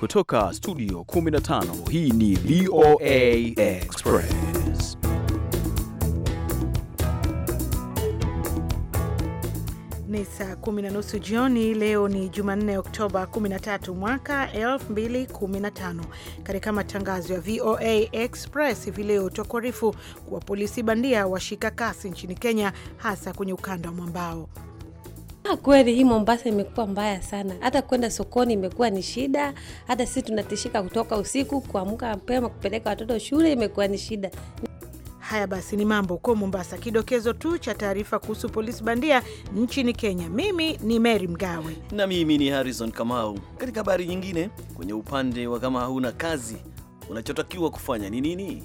Kutoka studio 15 hii ni VOA Express. Ni saa kumi na nusu jioni. Leo ni Jumanne, Oktoba 13 mwaka 2015. Katika matangazo ya VOA Express hivi leo twakuarifu kuwa polisi bandia washika kasi nchini Kenya, hasa kwenye ukanda wa mwambao Ah, kweli hii Mombasa imekuwa mbaya sana, hata kwenda sokoni imekuwa ni shida. Hata sisi tunatishika kutoka usiku, kuamka mapema, kupeleka watoto shule imekuwa ni shida. Haya basi, ni mambo huko Mombasa. Kidokezo tu cha taarifa kuhusu polisi bandia nchini Kenya. Mimi ni Mary Mgawe na mimi ni Harrison Kamau. Katika habari nyingine, kwenye upande wa kama hauna kazi unachotakiwa kufanya ni nini?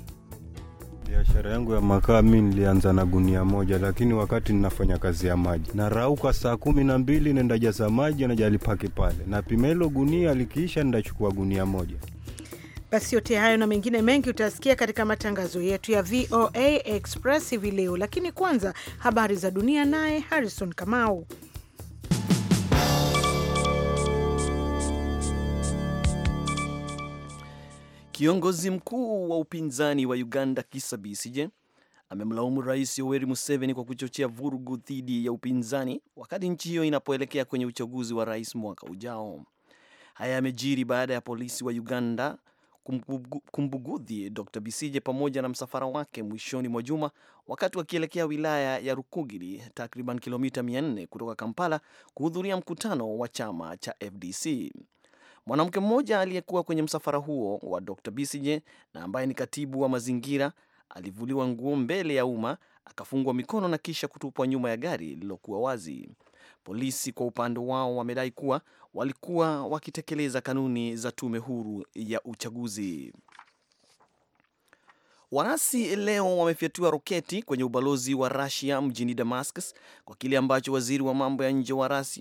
Biashara yangu ya makaa mi nilianza na gunia moja, lakini wakati ninafanya kazi ya maji narauka saa kumi na mbili nenda jaza maji najalipaki pale, napima hilo gunia, likiisha nitachukua gunia moja. Basi yote hayo na mengine mengi utasikia katika matangazo yetu ya VOA Express hivi leo, lakini kwanza habari za dunia, naye Harrison Kamau. Kiongozi mkuu wa upinzani wa Uganda Kizza Besigye amemlaumu Rais Yoweri Museveni kwa kuchochea vurugu dhidi ya upinzani wakati nchi hiyo inapoelekea kwenye uchaguzi wa rais mwaka ujao. Haya yamejiri baada ya polisi wa Uganda kumbugudhi Dr. Besigye pamoja na msafara wake mwishoni mwa juma wakati wakielekea wilaya ya Rukugiri, takriban kilomita 400 kutoka Kampala, kuhudhuria mkutano wa chama cha FDC. Mwanamke mmoja aliyekuwa kwenye msafara huo wa Dr. bisije na ambaye ni katibu wa mazingira alivuliwa nguo mbele ya umma, akafungwa mikono na kisha kutupwa nyuma ya gari lililokuwa wazi. Polisi kwa upande wao wamedai kuwa walikuwa wakitekeleza kanuni za tume huru ya uchaguzi. Waasi leo wamefyatua roketi kwenye ubalozi wa Rusia mjini Damascus kwa kile ambacho waziri wa mambo ya nje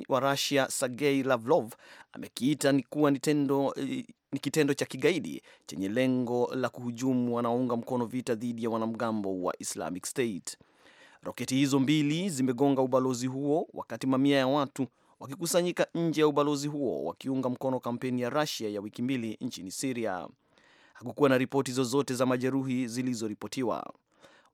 wa Rusia Sergei Lavrov amekiita ni kuwa eh, ni kitendo cha kigaidi chenye lengo la kuhujumu wanaounga mkono vita dhidi ya wanamgambo wa Islamic State. Roketi hizo mbili zimegonga ubalozi huo wakati mamia ya watu wakikusanyika nje ya ubalozi huo wakiunga mkono kampeni ya rasia ya wiki mbili nchini Siria hakukuwa na ripoti zozote za majeruhi zilizoripotiwa.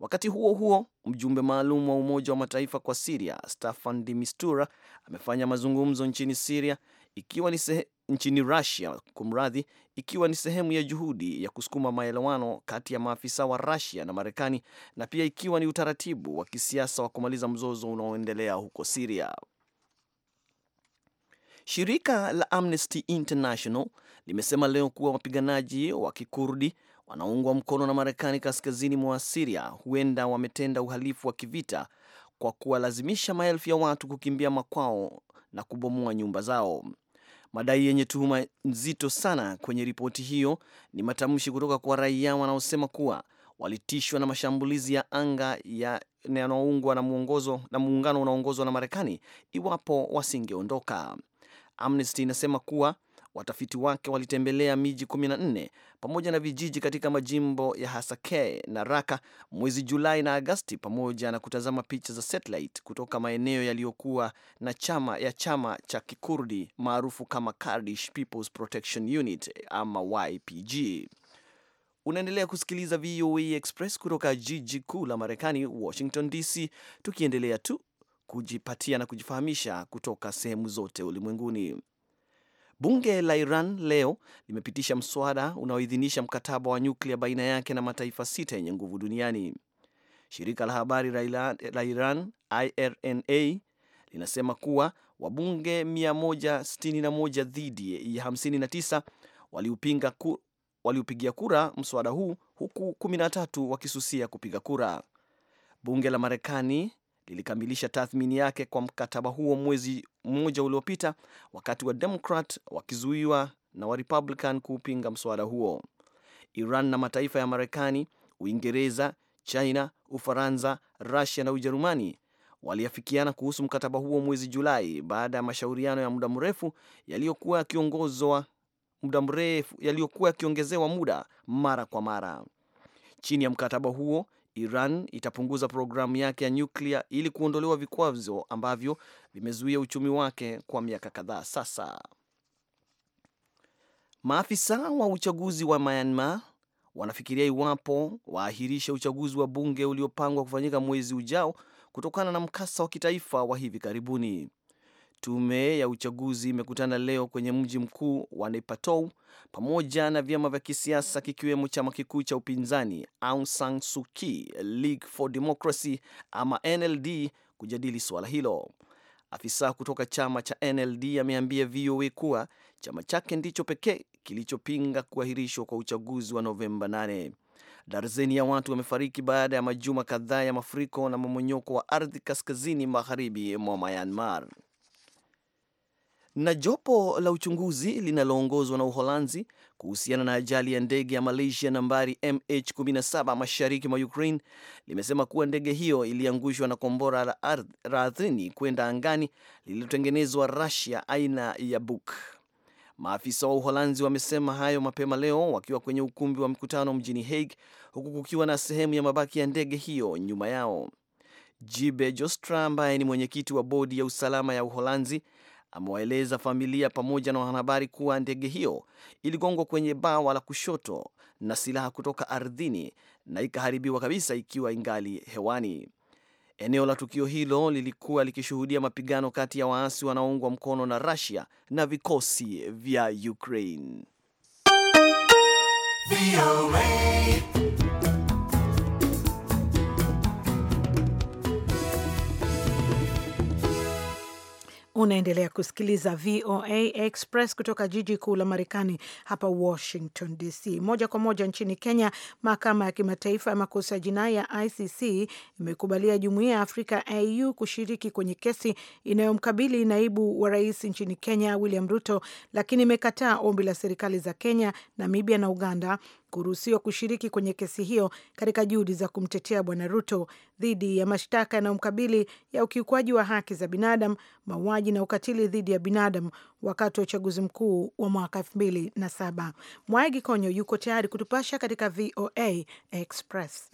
Wakati huo huo, mjumbe maalum wa Umoja wa Mataifa kwa Siria Staffan de Mistura amefanya mazungumzo nchini Siria ikiwa ni sehe, nchini Rusia kumradhi, ikiwa ni sehemu ya juhudi ya kusukuma maelewano kati ya maafisa wa Rusia na Marekani na pia ikiwa ni utaratibu wa kisiasa wa kumaliza mzozo unaoendelea huko Siria. Shirika la Amnesty International limesema leo kuwa wapiganaji wa kikurdi wanaungwa mkono na Marekani kaskazini mwa Siria huenda wametenda uhalifu wa kivita kwa kuwalazimisha maelfu ya watu kukimbia makwao na kubomoa nyumba zao. Madai yenye tuhuma nzito sana kwenye ripoti hiyo ni matamshi kutoka kwa raia wanaosema kuwa walitishwa na mashambulizi ya anga yanayoungwa na muongozo na muungano unaoongozwa na Marekani iwapo wasingeondoka. Amnesty inasema kuwa Watafiti wake walitembelea miji 14 pamoja na vijiji katika majimbo ya hasakee na Raka mwezi Julai na Agasti, pamoja na kutazama picha za satellite kutoka maeneo yaliyokuwa na chama ya chama cha Kikurdi maarufu kama Kurdish People's Protection Unit ama YPG. Unaendelea kusikiliza VOA Express kutoka jiji kuu la Marekani, Washington DC, tukiendelea tu kujipatia na kujifahamisha kutoka sehemu zote ulimwenguni. Bunge la Iran leo limepitisha mswada unaoidhinisha mkataba wa nyuklia baina yake na mataifa sita yenye nguvu duniani. Shirika la habari la Iran IRNA linasema kuwa wabunge 161 dhidi ya 59 waliupigia wali kura mswada huu huku 13 wakisusia kupiga kura. Bunge la Marekani lilikamilisha tathmini yake kwa mkataba huo mwezi mmoja uliopita, wakati wa Demokrat wakizuiwa na wa kuupinga mswada huo. Iran na mataifa ya Marekani, Uingereza, China, Ufaransa, Rusia na Ujerumani waliafikiana kuhusu mkataba huo mwezi Julai baada ya mashauriano ya muda mrefu yaliyokuwa yakiongozwa muda mrefu yaliyokuwa yakiongezewa muda mara kwa mara. Chini ya mkataba huo, Iran itapunguza programu yake ya nyuklia ili kuondolewa vikwazo ambavyo vimezuia uchumi wake kwa miaka kadhaa sasa. Maafisa wa uchaguzi wa Myanmar wanafikiria iwapo waahirishe uchaguzi wa bunge uliopangwa kufanyika mwezi ujao kutokana na mkasa wa kitaifa wa hivi karibuni. Tume ya uchaguzi imekutana leo kwenye mji mkuu wa nepatou pamoja na vyama vya kisiasa kikiwemo chama kikuu cha upinzani Aung San Suu Kyi League for Democracy ama NLD kujadili suala hilo. Afisa kutoka chama cha NLD ameambia VOA kuwa chama chake ndicho pekee kilichopinga kuahirishwa kwa uchaguzi wa Novemba 8. Darzeni ya watu wamefariki baada ya majuma kadhaa ya mafuriko na momonyoko wa ardhi kaskazini magharibi mwa Myanmar. Na jopo la uchunguzi linaloongozwa na Uholanzi kuhusiana na ajali ya ndege ya Malaysia nambari MH17 mashariki mwa Ukraine limesema kuwa ndege hiyo iliangushwa na kombora la ardhini kwenda angani lililotengenezwa Russia aina ya Buk. Maafisa wa Uholanzi wamesema hayo mapema leo wakiwa kwenye ukumbi wa mkutano mjini Hague, huku kukiwa na sehemu ya mabaki ya ndege hiyo nyuma yao. Jibe Jostra ambaye ni mwenyekiti wa bodi ya usalama ya Uholanzi amewaeleza familia pamoja na wanahabari kuwa ndege hiyo iligongwa kwenye bawa la kushoto na silaha kutoka ardhini na ikaharibiwa kabisa ikiwa ingali hewani. Eneo la tukio hilo lilikuwa likishuhudia mapigano kati ya waasi wanaoungwa mkono na Russia na vikosi vya Ukraine. Unaendelea kusikiliza VOA Express kutoka jiji kuu la Marekani hapa Washington DC. Moja kwa moja nchini Kenya, mahakama ya kimataifa ya makosa ya jinai ya ICC imekubalia jumuiya ya Afrika AU kushiriki kwenye kesi inayomkabili naibu wa rais nchini Kenya William Ruto, lakini imekataa ombi la serikali za Kenya, Namibia na Uganda kuruhusiwa kushiriki kwenye kesi hiyo katika juhudi za kumtetea Bwana Ruto dhidi ya mashtaka yanayomkabili ya ukiukwaji wa haki za binadamu, mauaji na ukatili dhidi ya binadamu wakati wa uchaguzi mkuu wa mwaka elfu mbili na saba. Mwaegi Konyo yuko tayari kutupasha katika VOA Express.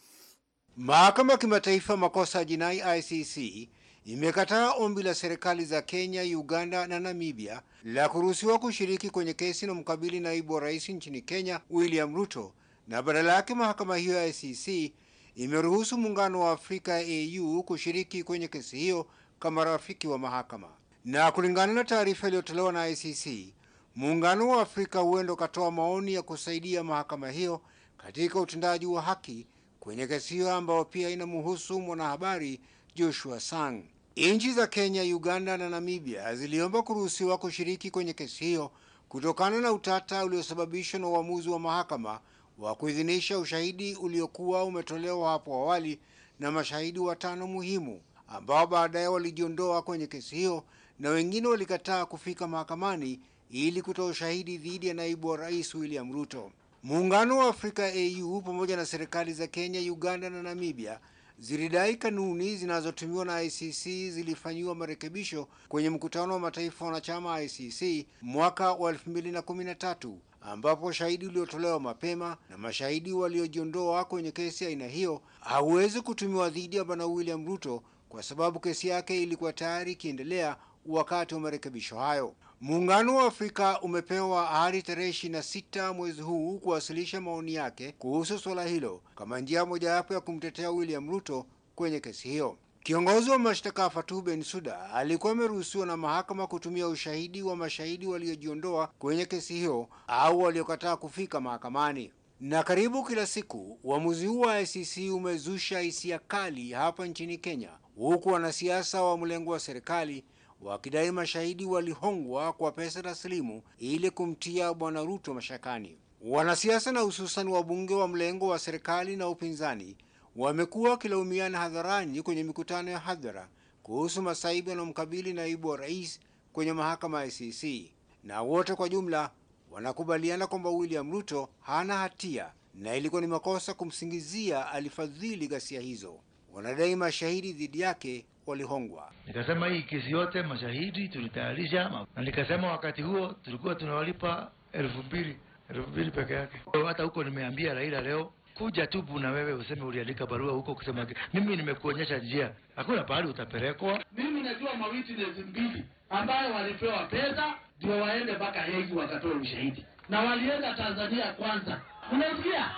Mahakama ya Kimataifa makosa ya jinai ICC imekataa ombi la serikali za Kenya, Uganda na Namibia la kuruhusiwa kushiriki kwenye kesi na mkabili naibu wa rais nchini Kenya William Ruto, na badala yake mahakama hiyo ya ICC e imeruhusu muungano wa Afrika AU kushiriki kwenye kesi hiyo kama rafiki wa mahakama. Na kulingana na taarifa iliyotolewa na ICC, e muungano wa Afrika huenda ukatoa maoni ya kusaidia mahakama hiyo katika utendaji wa haki kwenye kesi hiyo ambayo pia inamhusu mwanahabari Joshua Sang. Nchi za Kenya, Uganda na Namibia ziliomba kuruhusiwa kushiriki kwenye kesi hiyo kutokana na utata uliosababishwa na uamuzi wa mahakama wa kuidhinisha ushahidi uliokuwa umetolewa hapo awali na mashahidi watano muhimu ambao baadaye walijiondoa kwenye kesi hiyo na wengine walikataa kufika mahakamani ili kutoa ushahidi dhidi ya naibu wa rais William Ruto. Muungano wa Afrika AU pamoja na serikali za Kenya, Uganda na Namibia zilidai kanuni zinazotumiwa na ICC zilifanyiwa marekebisho kwenye mkutano wa mataifa wanachama ICC mwaka wa 2013 ambapo shahidi uliotolewa mapema na mashahidi waliojiondoa kwenye kesi aina hiyo hauwezi kutumiwa dhidi ya Bwana William Ruto kwa sababu kesi yake ilikuwa tayari ikiendelea wakati wa marekebisho hayo. Muungano wa Afrika umepewa hadi tarehe ishirini na sita mwezi huu kuwasilisha maoni yake kuhusu suala hilo kama njia mojawapo ya kumtetea William Ruto kwenye kesi hiyo. Kiongozi wa mashtaka Fatu Bensuda alikuwa ameruhusiwa na mahakama kutumia ushahidi wa mashahidi waliojiondoa kwenye kesi hiyo au waliokataa kufika mahakamani. Na karibu kila siku uamuzi huu wa ICC umezusha hisia kali hapa nchini Kenya, huku wanasiasa wa mlengo wa serikali wakidai mashahidi walihongwa kwa pesa taslimu ili kumtia Bwana Ruto mashakani. Wanasiasa na hususan wabunge wa mlengo wa serikali na upinzani wamekuwa wakilaumiana hadharani kwenye mikutano ya hadhara kuhusu masaibu yanayomkabili naibu wa rais kwenye mahakama ya ICC, na wote kwa jumla wanakubaliana kwamba William Ruto hana hatia na ilikuwa ni makosa kumsingizia alifadhili ghasia hizo. Wanadai mashahidi dhidi yake walihongwa. Nikasema hii kesi yote mashahidi tulitayarisha, na nikasema wakati huo tulikuwa tunawalipa elfu mbili elfu mbili peke yake. Hata huko nimeambia Raila leo kuja tubu na wewe useme uliandika barua huko kusema mimi nimekuonyesha njia, hakuna pahali utapelekwa. Mimi najua mawitness mbili ambayo walipewa pesa ndio waende mpaka Hague wakatoa ushahidi, na walienda Tanzania kwanza. Unasikia?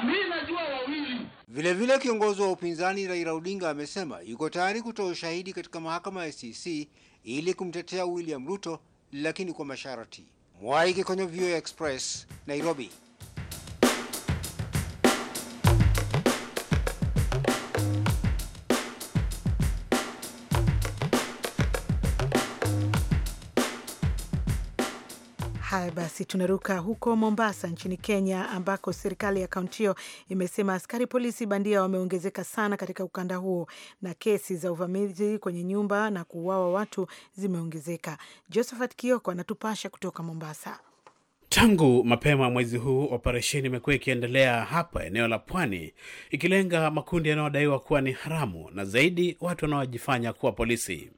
Mimi najua wawili. Vilevile, kiongozi wa upinzani Raila Odinga amesema yuko tayari kutoa ushahidi katika mahakama ya ICC ili kumtetea William Ruto, lakini kwa masharti. Mwaike kwenye VOA Express, Nairobi. Haya basi, tunaruka huko Mombasa nchini Kenya, ambako serikali ya kaunti hiyo imesema askari polisi bandia wameongezeka sana katika ukanda huo na kesi za uvamizi kwenye nyumba na kuuawa watu zimeongezeka. Josephat Kioko anatupasha kutoka Mombasa. Tangu mapema mwezi huu operesheni imekuwa ikiendelea hapa eneo la pwani, ikilenga makundi yanayodaiwa kuwa ni haramu na zaidi watu wanaojifanya kuwa polisi.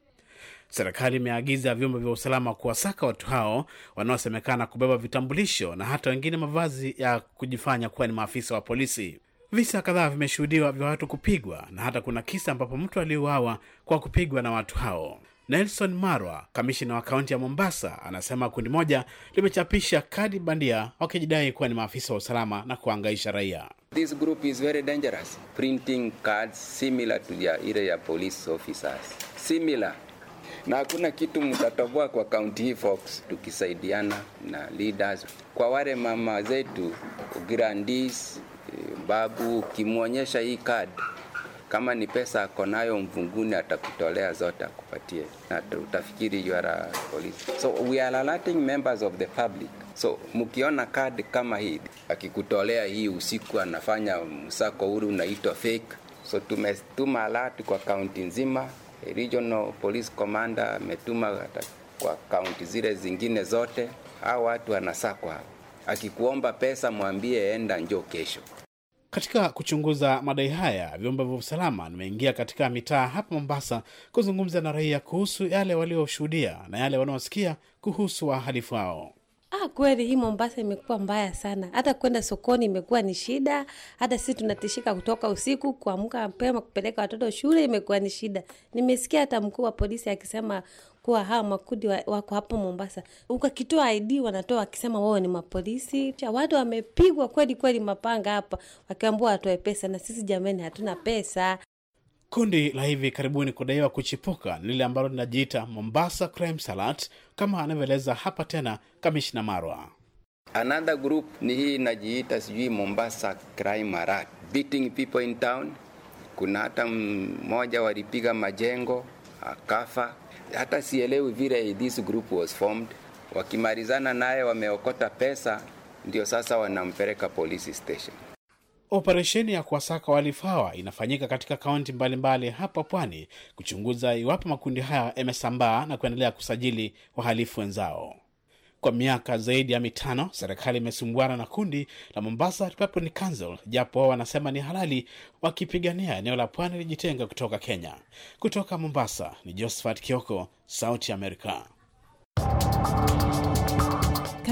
Serikali imeagiza vyombo vya usalama kuwasaka watu hao wanaosemekana kubeba vitambulisho na hata wengine mavazi ya kujifanya kuwa ni maafisa wa polisi. Visa kadhaa vimeshuhudiwa vya watu kupigwa na hata kuna kisa ambapo mtu aliuawa kwa kupigwa na watu hao. Nelson Marwa, kamishina wa kaunti ya Mombasa, anasema kundi moja limechapisha kadi bandia wakijidai kuwa ni maafisa wa usalama na kuangaisha raia. This group is very dangerous. Printing cards similar to the area police officers. Similar na hakuna kitu mtatoboa kwa kaunti hii Fox tukisaidiana na leaders. Kwa wale mama zetu grandees, eh, babu, ukimwonyesha hii card kama ni pesa ako nayo mvunguni, atakutolea zote akupatie, na utafikiri you are a police. So we are alerting members of the public. So mkiona card kama hii akikutolea hii usiku, anafanya msako huru unaitwa fake. So tumestuma alert kwa kaunti nzima. Eh, regional police commander ametuma kwa kaunti zile zingine zote, hao watu wanasakwa. Akikuomba pesa mwambie enda njoo kesho. Katika kuchunguza madai haya, vyombo vya usalama nimeingia katika mitaa hapa Mombasa kuzungumza na raia kuhusu yale walioshuhudia na yale wanaosikia kuhusu wahalifu hao. Ah, kweli hii Mombasa imekuwa mbaya sana, hata kwenda sokoni imekuwa ni shida. Hata sisi tunatishika kutoka usiku, kuamka mapema, kupeleka watoto shule imekuwa ni shida. Nimesikia hata mkuu wa polisi akisema kuwa hawa makundi wako wa hapo Mombasa, ukakitoa ID wanatoa wakisema wao ni mapolisi. Cha watu wamepigwa kweli kweli mapanga hapa, wakiambua watoe pesa, na sisi jamani, hatuna pesa. Kundi la hivi karibuni kudaiwa kuchipuka lile ambalo linajiita Mombasa Crime Salat, kama anavyoeleza hapa tena kamishna Marwa. Another group ni hii inajiita sijui Mombasa Crime Alert, beating people in town. Kuna hata mmoja walipiga majengo akafa, hata sielewi vile this group was formed. Wakimalizana naye wameokota pesa, ndio sasa wanampeleka polisi station. Operesheni ya kuwasaka wahalifu hawa inafanyika katika kaunti mbalimbali hapa pwani kuchunguza iwapo makundi haya yamesambaa na kuendelea kusajili wahalifu wenzao. Kwa miaka zaidi ya mitano serikali imesumbuana na kundi la Mombasa Republican Council, japo wao wanasema ni halali, wakipigania eneo la pwani lijitenga kutoka Kenya. Kutoka Mombasa ni Josephat Kioko, Sauti Amerika.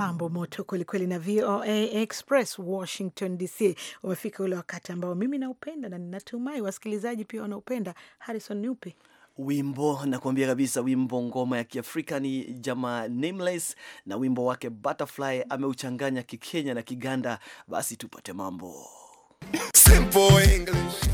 Mambo moto kwelikweli na VOA Express Washington DC. Umefika ule wakati ambao mimi naupenda na ninatumai wasikilizaji pia wanaupenda. Harrison, ni upi wimbo nakuambia kabisa, wimbo ngoma ya Kiafrika ni jamaa Nameless na wimbo wake Butterfly ameuchanganya Kikenya na Kiganda. Basi tupate mambo Simple English,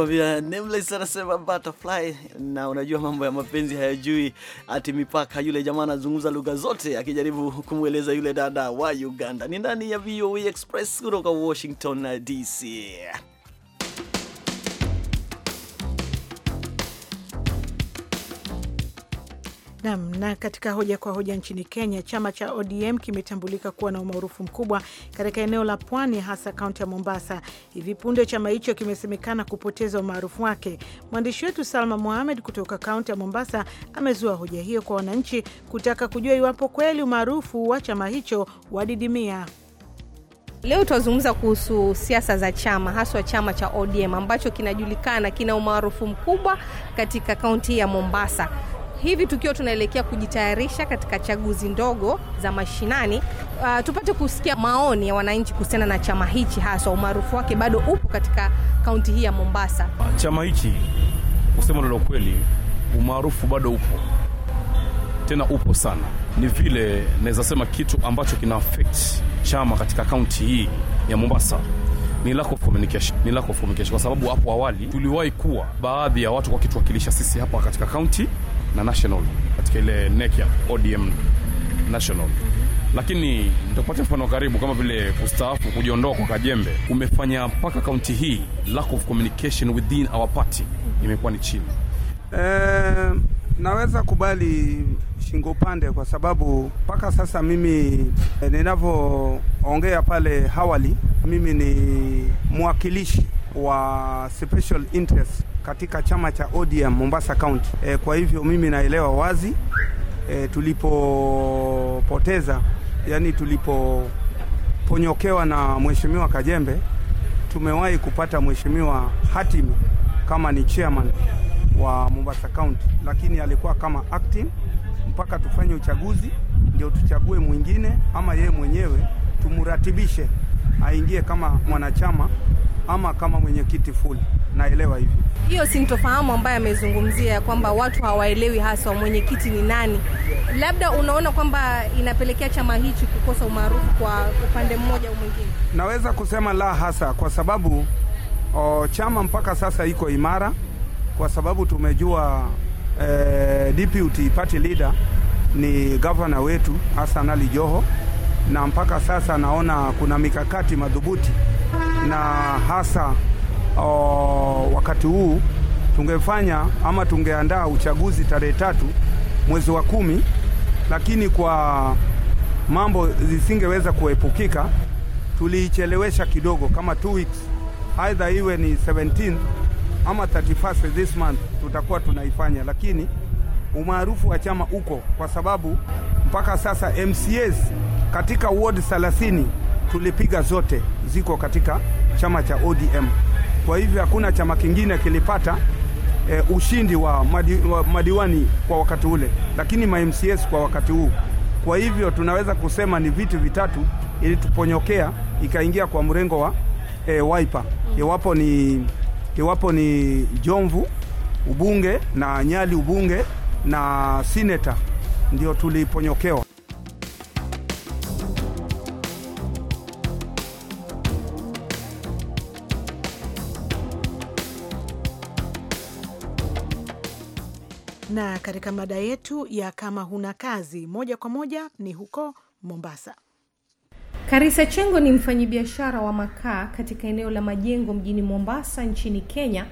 anakuambia Nameless anasema butterfly, na unajua mambo ya mapenzi hayajui ati mipaka. Yule jamaa anazungumza lugha zote akijaribu kumweleza yule dada wa Uganda. Ni ndani ya VOA e Express kutoka Washington DC. Nam. Na katika hoja kwa hoja nchini Kenya, chama cha ODM kimetambulika kuwa na umaarufu mkubwa katika eneo la pwani, hasa kaunti ya Mombasa. Hivi punde chama hicho kimesemekana kupoteza umaarufu wake. Mwandishi wetu Salma Mohamed kutoka kaunti ya Mombasa amezua hoja hiyo kwa wananchi kutaka kujua iwapo kweli umaarufu wa chama hicho wadidimia. Leo tutazungumza kuhusu siasa za chama haswa chama cha ODM ambacho kinajulikana kina umaarufu mkubwa katika kaunti ya Mombasa hivi tukiwa tunaelekea kujitayarisha katika chaguzi ndogo za mashinani, uh, tupate kusikia maoni ya wananchi kuhusiana na chama hichi, haswa umaarufu wake bado upo katika kaunti hii ya Mombasa. Chama hichi kusema ndio kweli, umaarufu bado upo, tena upo sana. Ni vile naweza sema kitu ambacho kina chama katika kaunti hii ya Mombasa ni lack of communication, ni lack of communication, kwa sababu hapo awali tuliwahi kuwa baadhi ya watu wakituwakilisha sisi hapa katika kaunti na National katika ile NEC ya ODM National lakini nitapata mfano wa karibu kama vile kustaafu, kujiondoa kwa Kajembe kumefanya mpaka kaunti hii lack of communication within our party imekuwa ni chini. E, naweza kubali shingo upande kwa sababu mpaka sasa mimi eh, ninavyoongea pale hawali, mimi ni mwakilishi wa special interest katika chama cha ODM Mombasa County. E, kwa hivyo mimi naelewa wazi e, tulipopoteza yani tulipoponyokewa na mheshimiwa Kajembe, tumewahi kupata mheshimiwa Hatimi kama ni chairman wa Mombasa County, lakini alikuwa kama acting mpaka tufanye uchaguzi ndio tuchague mwingine ama yeye mwenyewe tumratibishe aingie kama mwanachama ama kama mwenyekiti full naelewa hivi. Hiyo sintofahamu ambayo amezungumzia kwamba watu hawaelewi haswa mwenyekiti ni nani, labda unaona kwamba inapelekea chama hichi kukosa umaarufu kwa upande mmoja au mwingine? Naweza kusema la hasa, kwa sababu o, chama mpaka sasa iko imara, kwa sababu tumejua e, deputy party leader ni gavana wetu Hassan Ali Joho, na mpaka sasa naona kuna mikakati madhubuti na hasa Ah, wakati huu tungefanya ama tungeandaa uchaguzi tarehe tatu mwezi wa kumi, lakini kwa mambo zisingeweza kuepukika tuliichelewesha kidogo kama two weeks, aidha iwe ni 17 ama 31st this month tutakuwa tunaifanya, lakini umaarufu wa chama uko kwa sababu mpaka sasa MCAs katika ward 30 tulipiga zote, ziko katika chama cha ODM. Kwa hivyo hakuna chama kingine kilipata e, ushindi wa, madi, wa madiwani kwa wakati ule, lakini ma MCS kwa wakati huu. Kwa hivyo tunaweza kusema ni vitu vitatu ilituponyokea ikaingia kwa mrengo wa e, Wiper, iwapo ni, iwapo ni Jomvu ubunge na Nyali ubunge na seneta ndio tuliponyokewa. Na katika mada yetu ya kama huna kazi, moja kwa moja ni huko Mombasa. Karisa Chengo ni mfanyabiashara wa makaa katika eneo la Majengo mjini Mombasa nchini Kenya,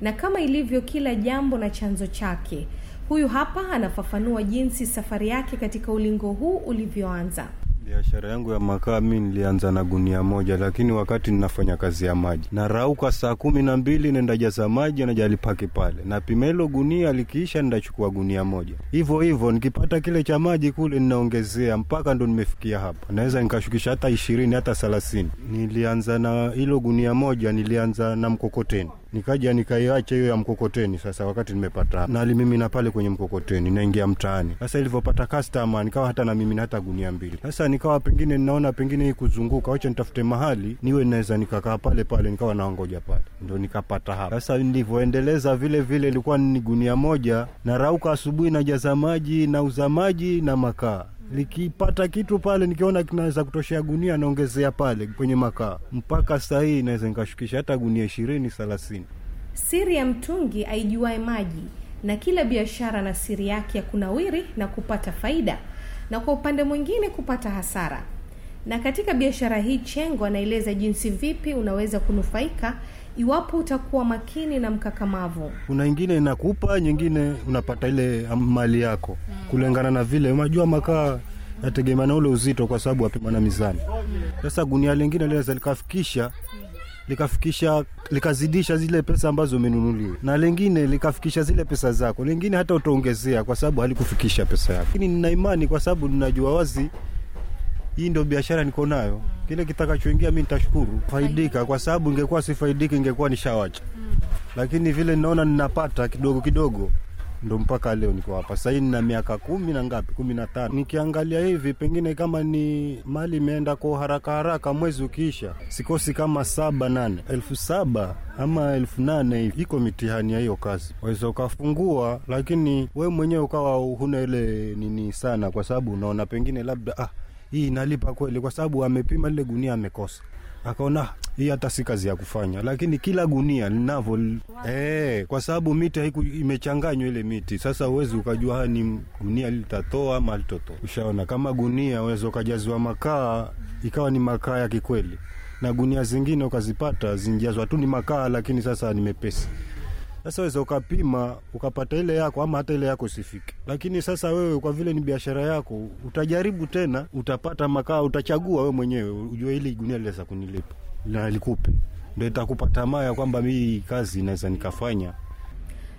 na kama ilivyo kila jambo na chanzo chake, huyu hapa anafafanua jinsi safari yake katika ulingo huu ulivyoanza. Biashara yangu ya makaa mi nilianza na gunia moja, lakini wakati ninafanya kazi ya maji narauka saa kumi na mbili nenda jaza maji najalipaki pale, napima hilo gunia, likiisha nitachukua gunia moja hivyo hivyo, nikipata kile cha maji kule ninaongezea mpaka ndo nimefikia hapa, naweza nikashukisha hata ishirini hata thelathini. Nilianza na hilo gunia moja, nilianza na mkokoteni nikaja nikaiacha hiyo ya mkokoteni. Sasa wakati nimepata nalimimina pale kwenye mkokoteni, naingia mtaani. Sasa ilivyopata customer, nikawa hata na mimi hata gunia mbili. Sasa nikawa pengine ninaona pengine hii kuzunguka, wacha nitafute mahali niwe naweza nikakaa pale pale, nikawa naongoja pale, ndo nikapata hapa. Sasa nilivyoendeleza vile vile, ilikuwa ni gunia moja na rauka asubuhi, najaza maji, nauza maji na makaa nikipata kitu pale nikiona kinaweza kutoshea gunia naongezea pale kwenye makaa mpaka saa hii inaweza nikashukisha hata gunia ishirini thalathini siri ya mtungi aijuae maji na kila biashara na siri yake ya kunawiri na kupata faida na kwa upande mwingine kupata hasara na katika biashara hii chengo anaeleza jinsi vipi unaweza kunufaika iwapo utakuwa makini na mkakamavu. Kuna ingine inakupa, nyingine unapata ile mali yako mm. kulingana na vile unajua makaa nategemea na ule uzito, kwa sababu wapimana mizani. Sasa gunia lingine linaweza likafikisha likafikisha likazidisha zile pesa ambazo umenunuliwa, na lingine likafikisha zile pesa zako, lingine hata utaongezea, kwa sababu halikufikisha pesa yako. Lakini nina imani, kwa sababu ninajua wazi hii ndio biashara niko nayo, kile kitakachoingia mi nitashukuru faidika, kwa sababu ingekuwa sifaidiki ingekuwa nishawacha, lakini vile naona ninapata kidogo kidogo ndo mpaka leo niko hapa sahii nina miaka kumi na ngapi, kumi na tano. Nikiangalia hivi, pengine kama ni mali imeenda kwa haraka haraka, mwezi ukiisha sikosi kama saba nane, elfu saba ama elfu nane hivi. Iko mitihani ya hiyo kazi, waweza ukafungua, lakini we mwenyewe ukawa huna ile nini sana, kwa sababu unaona pengine labda ah, hii inalipa kweli, kwa sababu amepima lile gunia amekosa, akaona hii hata si kazi ya kufanya, lakini kila gunia linavyo Eh, kwa sababu miti haiku imechanganywa ile miti. Sasa uwezi ukajua ni gunia litatoa ama litotoa. Ushaona, kama gunia uwezo ukajaziwa makaa ikawa ni makaa ya kikweli, na gunia zingine ukazipata zinjazwa tu ni makaa, lakini sasa ni mepesi sasa weza ukapima ukapata ile yako ama hata ile yako sifiki, lakini sasa wewe kwa vile ni biashara yako utajaribu tena, utapata makaa, utachagua wewe mwenyewe ujue ili gunia liweza kunilipa na likupe, ndio itakupa tamaa ya kwamba mii kazi naweza nikafanya.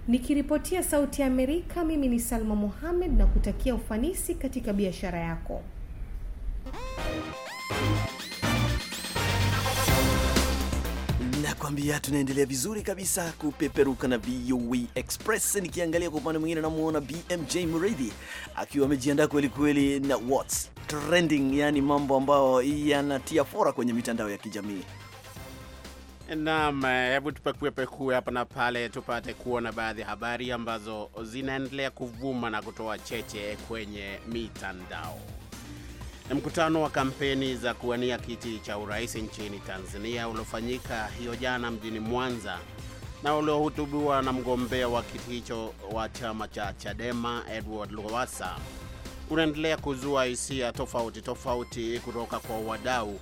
Nikiripotia Sauti ya Amerika, mimi ni Salma Mohamed na kutakia ufanisi katika biashara yako. nakwambia tunaendelea vizuri kabisa kupeperuka na VOA Express. Nikiangalia kwa upande mwingine, namuona BMJ Mridhi akiwa amejiandaa kweli kweli na what's trending, yani mambo ambayo yanatia fora kwenye mitandao ya kijamii. Naam, hebu tupekuepekue pekue hapa na pale tupate kuona baadhi ya habari ambazo zinaendelea kuvuma na kutoa cheche kwenye mitandao. Mkutano wa kampeni za kuwania kiti cha urais nchini Tanzania uliofanyika hiyo jana mjini Mwanza na uliohutubiwa na mgombea wa kiti hicho wa chama cha Chadema Edward Lowassa unaendelea kuzua hisia tofauti tofauti kutoka kwa wadau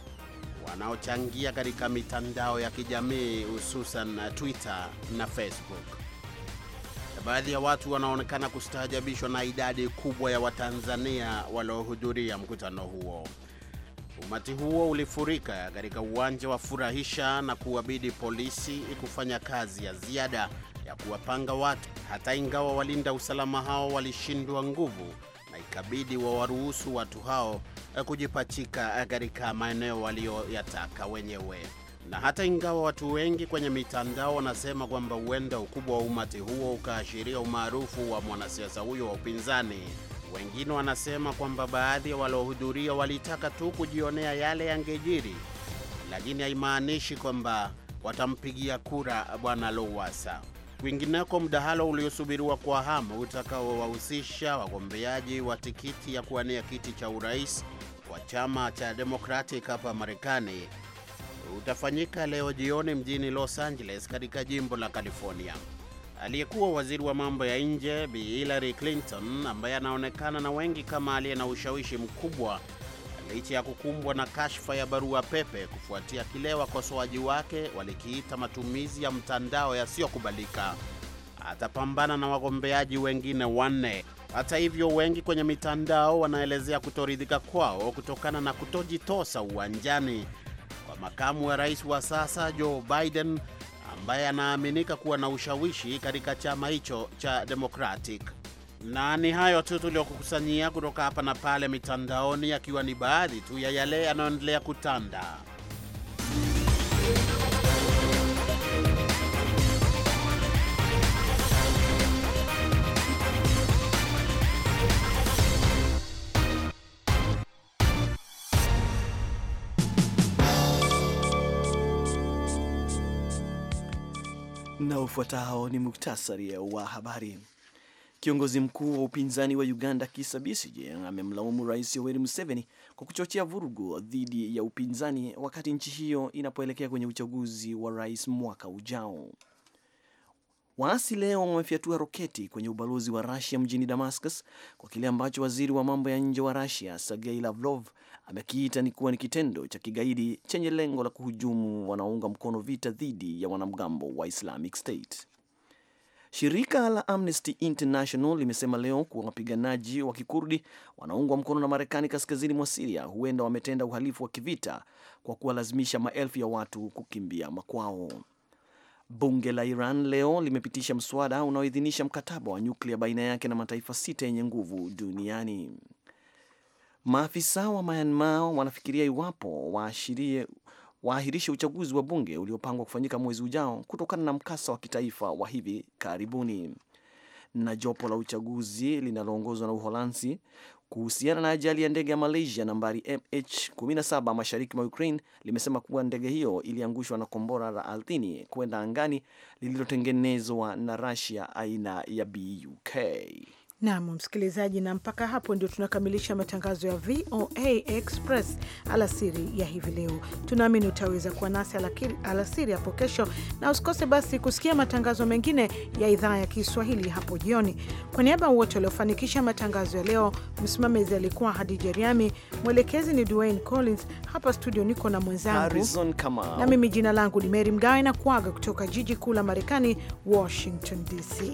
wanaochangia katika mitandao ya kijamii hususan Twitter na Facebook. Baadhi ya watu wanaonekana kustaajabishwa na idadi kubwa ya Watanzania waliohudhuria mkutano huo. Umati huo ulifurika katika uwanja wa furahisha na kuwabidi polisi kufanya kazi ya ziada ya kuwapanga watu, hata ingawa walinda usalama hao walishindwa nguvu na ikabidi wawaruhusu watu hao kujipachika katika maeneo waliyoyataka wenyewe na hata ingawa watu wengi kwenye mitandao wanasema kwamba huenda ukubwa wa umati huo ukaashiria umaarufu wa mwanasiasa huyo wa upinzani, wengine wanasema kwamba baadhi ya waliohudhuria walitaka tu kujionea yale yangejiri, lakini haimaanishi kwamba watampigia kura bwana lowasa Kwingineko, mdahalo uliosubiriwa kwa hamu utakaowahusisha wagombeaji wa tikiti ya kuwania kiti cha urais kwa chama cha Democratic hapa Marekani utafanyika leo jioni mjini Los Angeles katika jimbo la California. Aliyekuwa waziri wa mambo ya nje Bi Hillary Clinton, ambaye anaonekana na wengi kama aliye na ushawishi mkubwa licha ya kukumbwa na kashfa ya barua pepe kufuatia kile wakosoaji wake walikiita matumizi ya mtandao yasiyokubalika, atapambana na wagombeaji wengine wanne. Hata hivyo, wengi kwenye mitandao wanaelezea kutoridhika kwao kutokana na kutojitosa uwanjani makamu wa rais wa sasa Joe Biden ambaye anaaminika kuwa na ushawishi katika chama hicho cha Democratic. Na ni hayo tu tuliokukusanyia kutoka hapa na pale mitandaoni, akiwa ni baadhi tu ya yale yanayoendelea kutanda. Na ufuatao ni muktasari wa habari. Kiongozi mkuu wa upinzani wa Uganda Kizza Besigye amemlaumu Rais Yoweri Museveni kwa kuchochea vurugu dhidi ya upinzani wakati nchi hiyo inapoelekea kwenye uchaguzi wa rais mwaka ujao. Waasi leo wamefyatua roketi kwenye ubalozi wa Russia mjini Damascus kwa kile ambacho waziri wa mambo ya nje wa Russia Sergei Lavrov amekiita ni kuwa ni kitendo cha kigaidi chenye lengo la kuhujumu wanaounga mkono vita dhidi ya wanamgambo wa Islamic State. Shirika la Amnesty International limesema leo kuwa wapiganaji wa Kikurdi wanaungwa mkono na Marekani kaskazini mwa Siria huenda wametenda uhalifu wa kivita kwa kuwalazimisha maelfu ya watu kukimbia makwao. Bunge la Iran leo limepitisha mswada unaoidhinisha mkataba wa nyuklia baina yake na mataifa sita yenye nguvu duniani. Maafisa wa Myanmar wanafikiria iwapo waashirie waahirishe uchaguzi wa bunge uliopangwa kufanyika mwezi ujao kutokana na mkasa wa kitaifa wa hivi karibuni. Na jopo la uchaguzi linaloongozwa na Uholanzi kuhusiana na ajali ya ndege ya Malaysia nambari MH17 mashariki mwa Ukraine limesema kuwa ndege hiyo iliangushwa na kombora la ardhini kwenda angani lililotengenezwa na Russia aina ya Buk. Nam msikilizaji, na mpaka hapo ndio tunakamilisha matangazo ya VOA Express alasiri ya hivi leo. Tunaamini utaweza kuwa nasi alasiri hapo kesho, na usikose basi kusikia matangazo mengine ya idhaa ya Kiswahili hapo jioni. Kwa niaba wote waliofanikisha matangazo ya leo, msimamizi alikuwa Hadija Riami, mwelekezi ni Dwayne Collins. Hapa studio niko na mwenzangu, na mimi jina langu ni Meri Mgawe na kuaga kutoka jiji kuu la Marekani, Washington DC.